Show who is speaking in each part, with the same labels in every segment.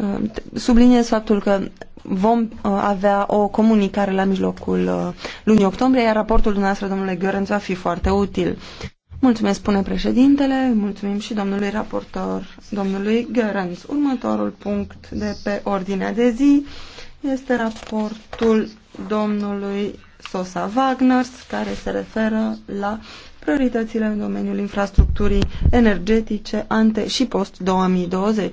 Speaker 1: Uh, subliniez faptul că vom uh, avea o comunicare la mijlocul uh, lunii octombrie, iar raportul dumneavoastră, domnule Gheorenț, va fi foarte util. Mulțumesc, spune președintele, mulțumim și domnului raportor, domnului Gheorenț. Următorul punct de pe ordinea de zi este raportul domnului Sosa Wagners, care se referă la prioritățile în domeniul infrastructurii energetice ante și post-2020.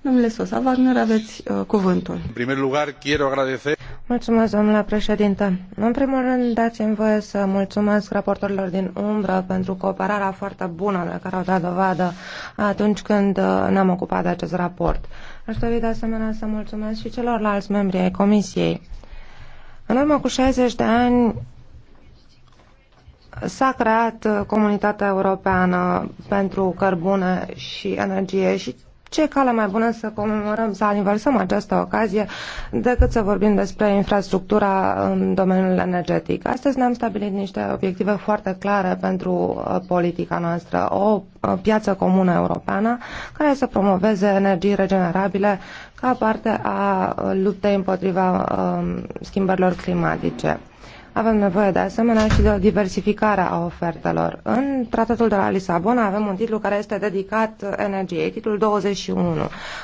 Speaker 1: Domnule Sosa Wagner, aveți uh, cuvântul. În primul lugar, quiero agradecer... Mulțumesc, domnule președinte.
Speaker 2: În primul rând, dați-mi voie să mulțumesc raportorilor din umbră pentru cooperarea foarte bună de care au dat dovadă atunci când uh, ne-am ocupat de acest raport. Aș dori de asemenea să mulțumesc și celorlalți membri ai Comisiei în urmă cu 60 de ani s-a creat uh, comunitatea europeană pentru cărbune și energie și ce cale mai bună să comemorăm, să aniversăm această ocazie decât să vorbim despre infrastructura în domeniul energetic. Astăzi ne-am stabilit niște obiective foarte clare pentru uh, politica noastră, o uh, piață comună europeană care să promoveze energii regenerabile ca parte a uh, luptei împotriva schimbărilor climatice. Avem nevoie de asemenea și de o diversificare a ofertelor. În tratatul de la Lisabona avem un titlu care este dedicat energiei, titlul 21,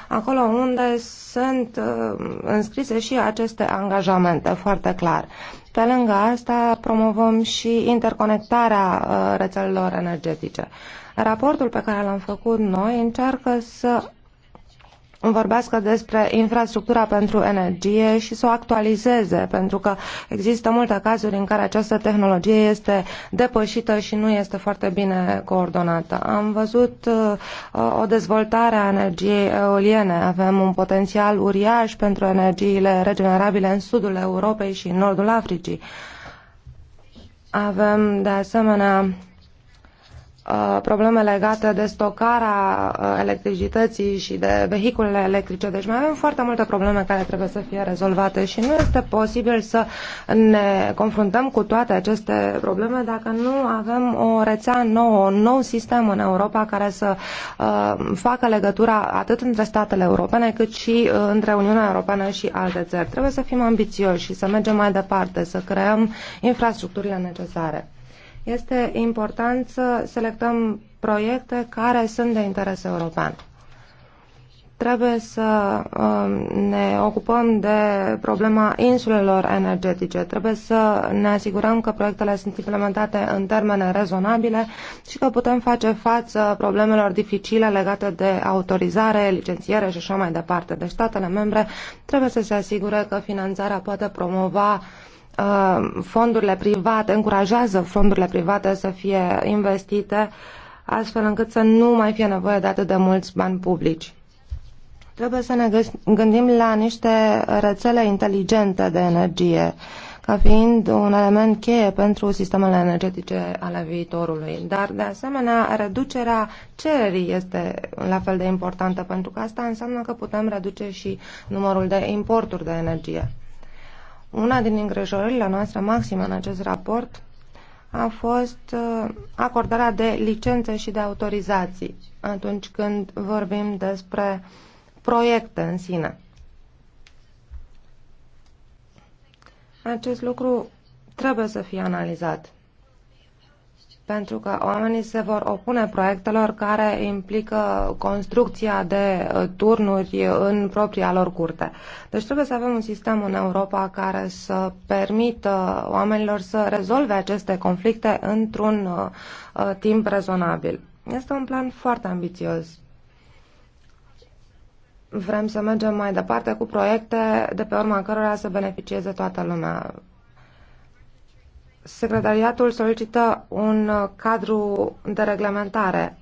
Speaker 2: acolo unde sunt uh, înscrise și aceste angajamente foarte clar. Pe lângă asta promovăm și interconectarea uh, rețelelor energetice. Raportul pe care l-am făcut noi încearcă să îmi vorbească despre infrastructura pentru energie și să o actualizeze, pentru că există multe cazuri în care această tehnologie este depășită și nu este foarte bine coordonată. Am văzut uh, o dezvoltare a energiei eoliene, avem un potențial uriaș pentru energiile regenerabile în sudul Europei și în nordul Africii. Avem, de asemenea, Uh, probleme legate de stocarea uh, electricității și de vehiculele electrice. Deci mai avem foarte multe probleme care trebuie să fie rezolvate și nu este posibil să ne confruntăm cu toate aceste probleme dacă nu avem o rețea nouă, un nou sistem în Europa care să uh, facă legătura atât între statele europene cât și între Uniunea Europeană și alte țări. Trebuie să fim ambițioși și să mergem mai departe, să creăm infrastructurile necesare. Este important să selectăm proiecte care sunt de interes european trebuie să um, ne ocupăm de problema insulelor energetice. Trebuie să ne asigurăm că proiectele sunt implementate în termene rezonabile și că putem face față problemelor dificile legate de autorizare, licențiere și așa mai departe. Deci statele membre trebuie să se asigure că finanțarea poate promova uh, Uh, fondurile private, încurajează fondurile private să fie investite astfel încât să nu mai fie nevoie de atât de mulți bani publici. Trebuie să ne gândim la niște rețele inteligente de energie, ca fiind un element cheie pentru sistemele energetice ale viitorului. Dar, de asemenea, reducerea cererii este la fel de importantă, pentru că asta înseamnă că putem reduce și numărul de importuri de energie. Una din îngrijorările noastre maxime în acest raport a fost uh, acordarea de licențe și de autorizații atunci când vorbim despre proiecte în sine. Acest lucru trebuie să fie analizat pentru că oamenii se vor opune proiectelor care implică construcția de uh, turnuri în propria lor curte. Deci trebuie să avem un sistem în Europa care să permită oamenilor să rezolve aceste conflicte într-un uh, uh, timp rezonabil. Este un plan foarte ambițios. Vrem să mergem mai departe cu proiecte de pe urma cărora să beneficieze toată lumea. Secretariatul solicită un uh, cadru de reglementare.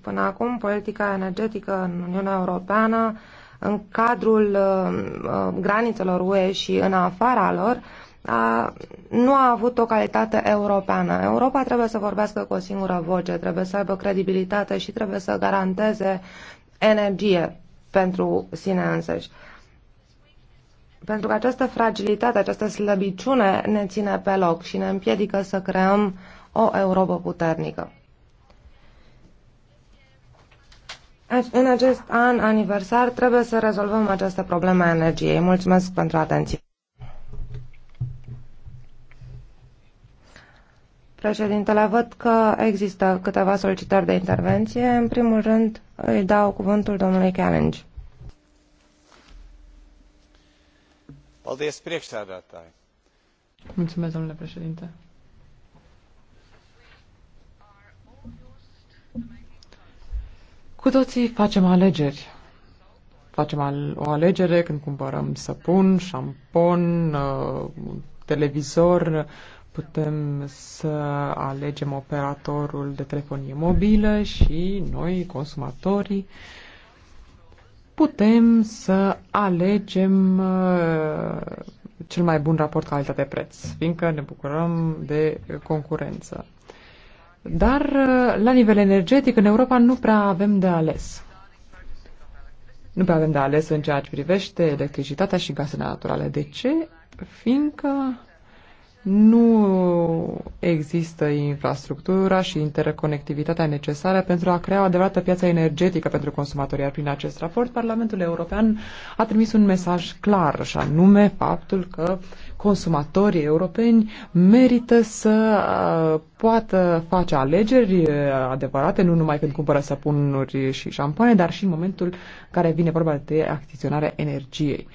Speaker 2: Până acum, politica energetică în Uniunea Europeană, în cadrul uh, uh, granițelor UE și în afara lor, a, nu a avut o calitate europeană. Europa trebuie să vorbească cu o singură voce, trebuie să aibă credibilitate și trebuie să garanteze energie pentru sine însăși. Pentru că această fragilitate, această slăbiciune ne ține pe loc și ne împiedică să creăm o Europa puternică. În acest an aniversar trebuie să rezolvăm această problemă a energiei. Mulțumesc pentru atenție. Președintele, văd că există câteva solicitări de intervenție. În primul rând îi dau cuvântul domnului Challenge.
Speaker 3: Paldies, priekšsēdētāji! Mulțumesc, domnule președinte! Cu toții facem alegeri. Facem o alegere când cumpărăm săpun, șampon, uh, televizor, putem să alegem operatorul de telefonie mobilă și noi, consumatorii, putem să alegem uh, cel mai bun raport calitate-preț, fiindcă ne bucurăm de concurență. Dar uh, la nivel energetic, în Europa nu prea avem de ales. Nu prea avem de ales în ceea ce privește electricitatea și gazele naturale. De ce? Fiindcă nu există infrastructura și interconectivitatea necesară pentru a crea o adevărată piață energetică pentru consumatori. Iar prin acest raport, Parlamentul European a trimis un mesaj clar, și anume faptul că consumatorii europeni merită să uh, poată face alegeri uh, adevărate, nu numai când cumpără săpunuri și șampoane, dar și în momentul în care vine vorba de achiziționarea energiei.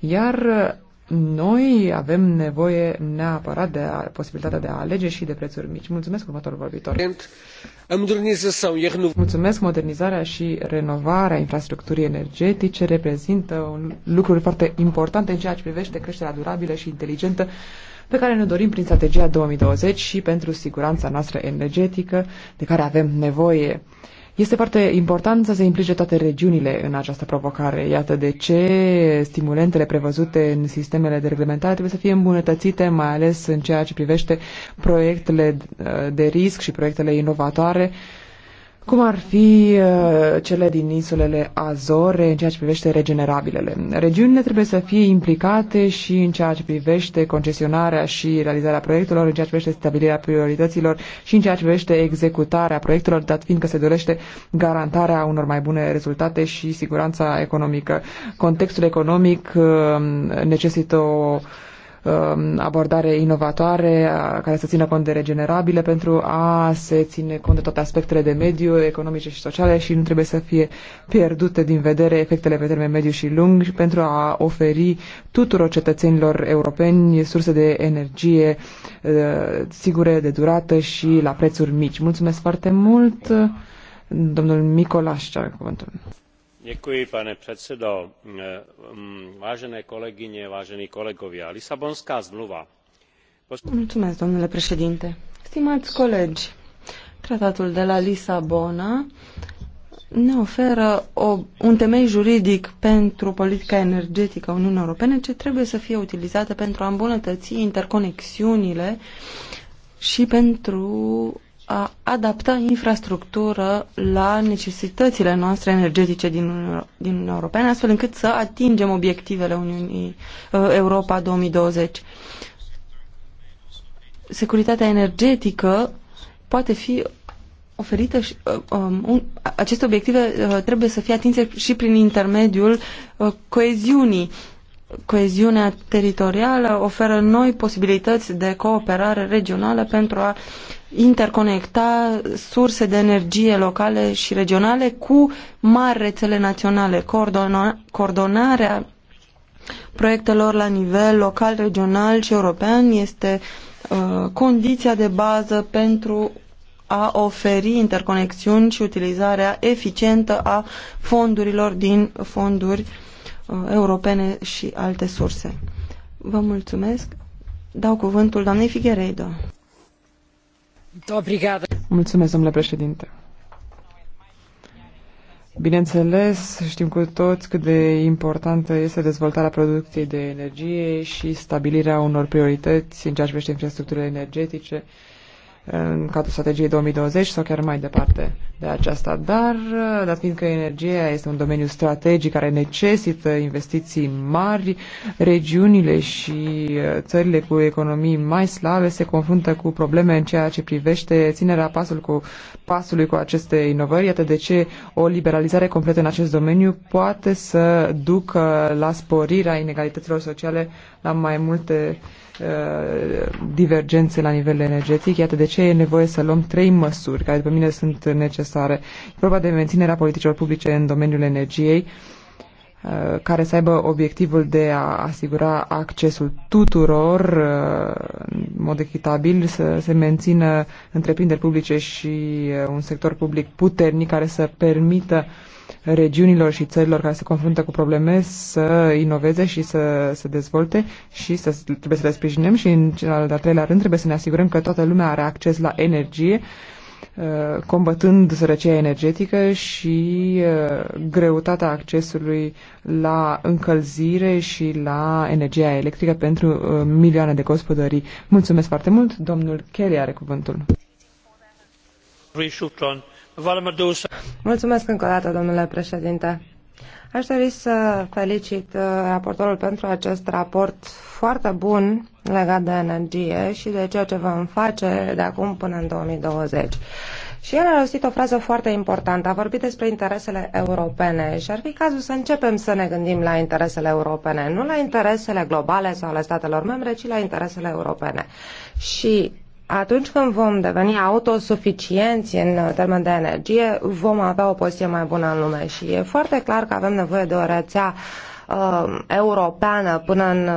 Speaker 3: Iar uh, noi avem nevoie neapărat de a, posibilitatea de a alege și de prețuri mici. Mulțumesc următorul vorbitor. Mulțumesc, modernizarea și renovarea infrastructurii energetice reprezintă un lucru foarte important în ceea ce privește creșterea durabilă și inteligentă pe care ne dorim prin strategia 2020 și pentru siguranța noastră energetică de care avem nevoie. Uh, este foarte important să se implice toate regiunile în această provocare. Iată de ce stimulentele prevăzute în sistemele de reglementare trebuie să fie îmbunătățite, mai ales în ceea ce privește proiectele uh, de risc și proiectele inovatoare cum ar fi uh, cele din insulele Azore în ceea ce privește regenerabilele. Regiunile trebuie să fie implicate și în ceea ce privește concesionarea și realizarea proiectelor, în ceea ce privește stabilirea priorităților și în ceea ce privește executarea proiectelor, dat fiind că se dorește garantarea unor mai bune rezultate și siguranța economică. Contextul economic uh, necesită o Um, abordare inovatoare care să țină cont de regenerabile pentru a se ține cont de toate aspectele de mediu, economice și sociale și nu trebuie să fie pierdute din vedere efectele pe termen mediu și lung pentru a oferi tuturor cetățenilor europeni surse de energie uh, sigure, de durată și la prețuri mici. Mulțumesc foarte mult! Domnul Micolaș, cuvântul.
Speaker 1: Eh, mm, lisabonská zmluva tratatul de la lisabona ne oferă un temei juridic pentru politica energetică a Uniunii Europene ce trebuie să fie utilizată pentru a îmbunătăți interconexiunile și pentru a adapta infrastructură la necesitățile noastre energetice din, din Uniunea Europeană, astfel încât să atingem obiectivele Uniunii uh, Europa 2020. Securitatea energetică poate fi oferită și uh, um, un, aceste obiective uh, trebuie să fie atinse și prin intermediul uh, coeziunii. Coeziunea teritorială oferă noi posibilități de cooperare regională pentru a uh, interconecta surse de energie locale și regionale cu mari rețele naționale. Coordona, coordonarea proiectelor la nivel local, regional și european este uh, condiția de bază pentru a oferi interconexiuni și utilizarea eficientă a fondurilor din fonduri uh, europene și alte surse. Vă mulțumesc. Dau cuvântul doamnei
Speaker 3: Figueiredo. Mulțumesc, domnule președinte. Bineînțeles, știm cu toți cât de importantă este dezvoltarea producției de energie și stabilirea unor priorități în ceea ce privește infrastructurile energetice, în cadrul strategiei 2020 sau chiar mai departe de aceasta. Dar, dat fiindcă energia este un domeniu strategic care necesită investiții mari, regiunile și uh, țările cu economii mai slabe se confruntă cu probleme în ceea ce privește ținerea pasul cu, pasului cu aceste inovări. Iată de ce o liberalizare completă în acest domeniu poate să ducă la sporirea inegalităților sociale la mai multe uh, Uh, divergențe la nivel energetic. Iată de ce e nevoie să luăm trei măsuri care, după mine, sunt necesare. E vorba de menținerea politicilor publice în domeniul energiei, uh, care să aibă obiectivul de a asigura accesul tuturor uh, în mod echitabil, să se mențină întreprinderi publice și un sector public puternic care să permită uh, regiunilor și țărilor care se confruntă cu probleme să inoveze și să se dezvolte și să, trebuie să le sprijinim și în al de-al treilea rând trebuie să ne asigurăm că toată lumea are acces la energie uh, combătând sărăcia energetică și uh, greutatea accesului la încălzire și la energia electrică pentru uh, milioane de gospodării. Mulțumesc foarte mult. Domnul Kelly are cuvântul.
Speaker 2: Mulțumesc încă o dată, domnule președinte. Aș dori să felicit uh, raportorul pentru acest raport foarte bun legat de energie și de ceea ce vom face de acum până în 2020. Și el a rostit o frază foarte importantă. A vorbit despre interesele europene și ar fi cazul să începem să ne gândim la interesele europene, nu la interesele globale sau ale statelor membre, ci la interesele europene. Și atunci când vom deveni autosuficienți în uh, termen de energie, vom avea o poziție mai bună în lume și e foarte clar că avem nevoie de o rețea uh, europeană până în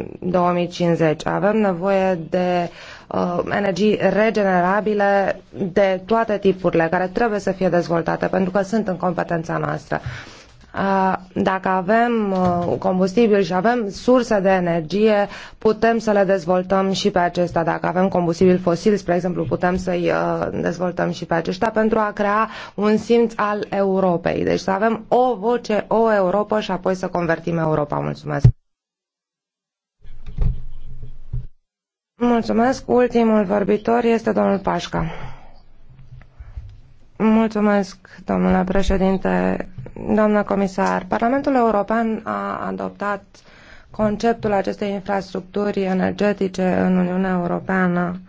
Speaker 2: uh, 2050. Avem nevoie de uh, energii regenerabile de toate tipurile care trebuie să fie dezvoltate pentru că sunt în competența noastră. Uh, Uh, dacă avem uh, combustibil și avem surse de energie, putem să le dezvoltăm și pe acestea. Dacă avem combustibil fosil, spre exemplu, putem să-i uh, dezvoltăm și pe acestea pentru a crea un simț al Europei. Deci să avem o voce, o Europa și apoi să convertim Europa. Mulțumesc! Mulțumesc! Ultimul vorbitor este domnul Pașca. Mulțumesc, domnule președinte, Doamna comisar. Parlamentul European a adoptat conceptul acestei infrastructuri energetice în Uniunea Europeană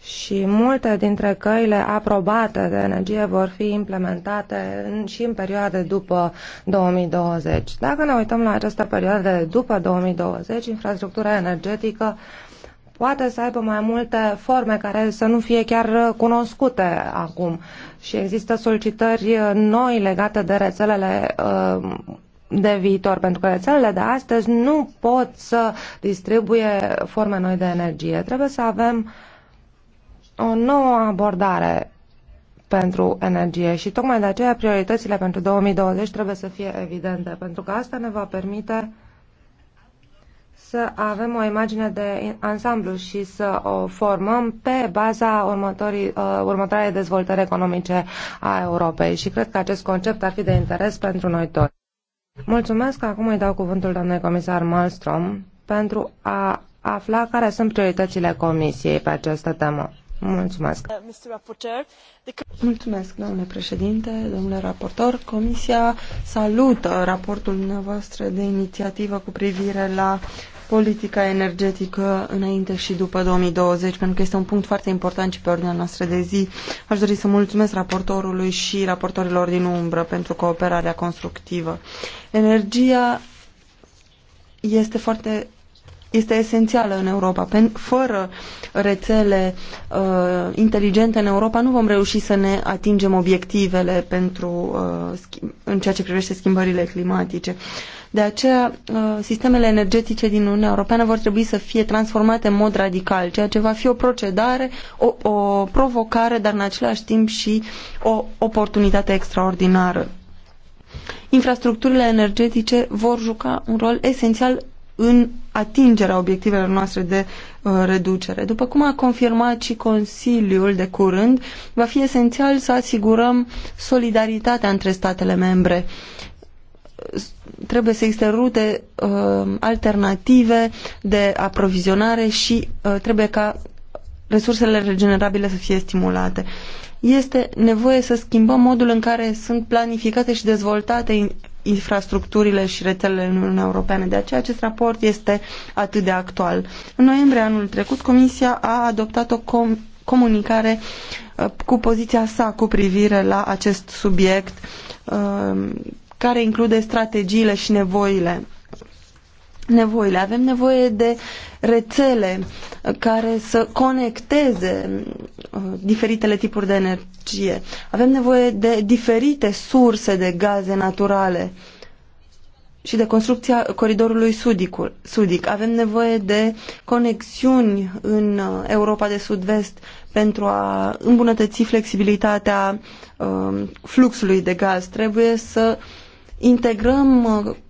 Speaker 2: și multe dintre căile aprobate de energie vor fi implementate în, și în perioade după 2020. Dacă ne uităm la această perioadă după 2020, infrastructura energetică uh, poate să aibă mai multe forme care să nu fie chiar uh, cunoscute acum și există solicitări uh, noi legate de rețelele uh, de viitor, pentru că rețelele de astăzi nu pot să distribuie forme noi de energie. Trebuie să avem o nouă abordare pentru energie și tocmai de aceea prioritățile pentru 2020 trebuie să fie evidente, pentru că asta ne va permite să avem o imagine de ansamblu și să o formăm pe baza următorii, uh, următoarei dezvoltări economice a Europei. Și cred că acest concept ar fi de interes pentru noi toți. Mulțumesc. Acum îi dau cuvântul doamnei comisar Malmström pentru a afla care sunt prioritățile Comisiei pe această temă. Mulțumesc. Uh,
Speaker 1: mulțumesc, domnule președinte, domnule raportor. Comisia salută raportul dumneavoastră de inițiativă cu privire la politica energetică înainte și după 2020, pentru că este un punct foarte important și pe ordinea noastră de zi. Aș dori să mulțumesc raportorului și raportorilor din umbră pentru cooperarea constructivă. Energia este foarte este esențială în Europa. Fără rețele uh, inteligente în Europa nu vom reuși să ne atingem obiectivele pentru, uh, în ceea ce privește schimbările climatice. De aceea, uh, sistemele energetice din Uniunea Europeană vor trebui să fie transformate în mod radical, ceea ce va fi o procedare, o, o provocare, dar în același timp și o oportunitate extraordinară. Infrastructurile energetice vor juca un rol esențial în atingerea obiectivelor noastre de uh, reducere. După cum a confirmat și Consiliul de curând, va fi esențial să asigurăm solidaritatea între statele membre. Trebuie să existe rute uh, alternative de aprovizionare și uh, trebuie ca resursele regenerabile să fie stimulate. Este nevoie să schimbăm modul în care sunt planificate și dezvoltate infrastructurile și rețelele în Uniunea Europeană. De aceea acest raport este atât de actual. În noiembrie anul trecut, Comisia a adoptat o com comunicare uh, cu poziția sa cu privire la acest subiect uh, care include strategiile și nevoile nevoile. Avem nevoie de rețele care să conecteze uh, diferitele tipuri de energie. Avem nevoie de diferite surse de gaze naturale și de construcția coridorului sudicul, sudic. Avem nevoie de conexiuni în uh, Europa de Sud-Vest pentru a îmbunătăți flexibilitatea uh, fluxului de gaz. Trebuie să integrăm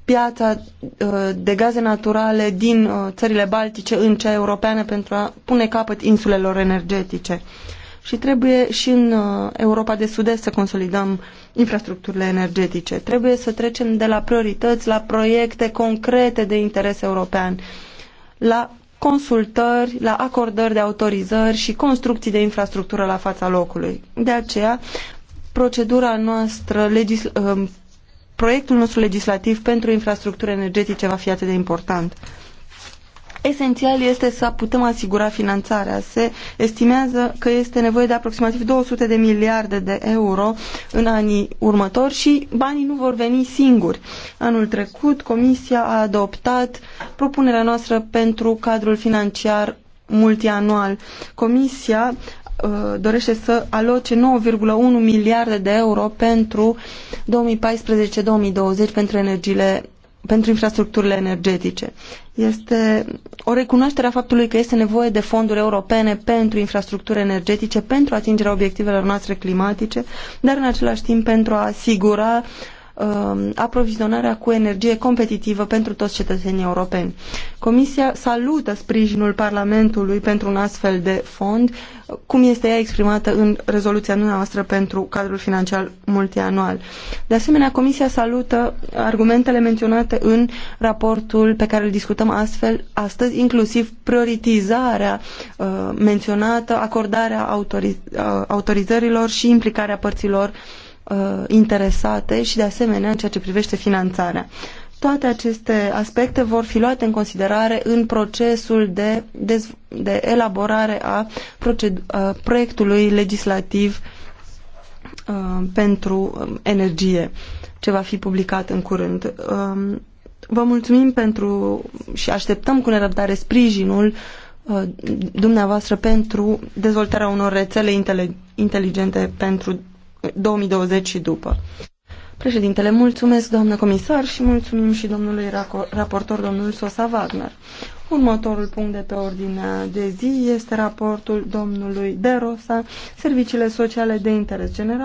Speaker 1: piața uh, de gaze naturale din uh, țările baltice în cea europeană pentru a pune capăt insulelor energetice. Și trebuie și în uh, Europa de Sud-Est să consolidăm infrastructurile energetice. Trebuie să trecem de la priorități la proiecte concrete de interes european, la consultări, la acordări de autorizări și construcții de infrastructură la fața locului. De aceea, procedura noastră legislativă proiectul nostru legislativ pentru infrastructură energetice va fi atât de important. Esențial este să putem asigura finanțarea. Se estimează că este nevoie de aproximativ 200 de miliarde de euro în anii următori și banii nu vor veni singuri. Anul trecut, Comisia a adoptat propunerea noastră pentru cadrul financiar multianual. Comisia Uh, dorește să aloce 9,1 miliarde de euro pentru 2014-2020 pentru energiile pentru infrastructurile energetice. Este o recunoaștere a faptului că este nevoie de fonduri europene pentru infrastructuri energetice, pentru atingerea obiectivelor noastre climatice, dar în același timp pentru a asigura Um, aprovizionarea cu energie competitivă pentru toți cetățenii europeni. Comisia salută sprijinul Parlamentului pentru un astfel de fond, cum este ea exprimată în rezoluția noastră pentru cadrul financiar multianual. De asemenea, Comisia salută argumentele menționate în raportul pe care îl discutăm astfel astăzi, inclusiv prioritizarea uh, menționată, acordarea autoriz- uh, autorizărilor și implicarea părților uh, uh, interesate și de asemenea în ceea ce privește finanțarea. Toate aceste aspecte vor fi luate în considerare în procesul de, de, de elaborare a uh, proiectului legislativ uh, pentru um, energie, ce va fi publicat în curând. Um, vă mulțumim pentru și așteptăm cu nerăbdare sprijinul uh, dumneavoastră pentru dezvoltarea unor rețele inteligente pentru 2020 și după. Președintele, mulțumesc, doamnă comisar, și mulțumim și domnului raportor, domnul Sosa Wagner. Următorul punct de pe ordinea de zi este raportul domnului De Rosa, Serviciile Sociale de Interes General.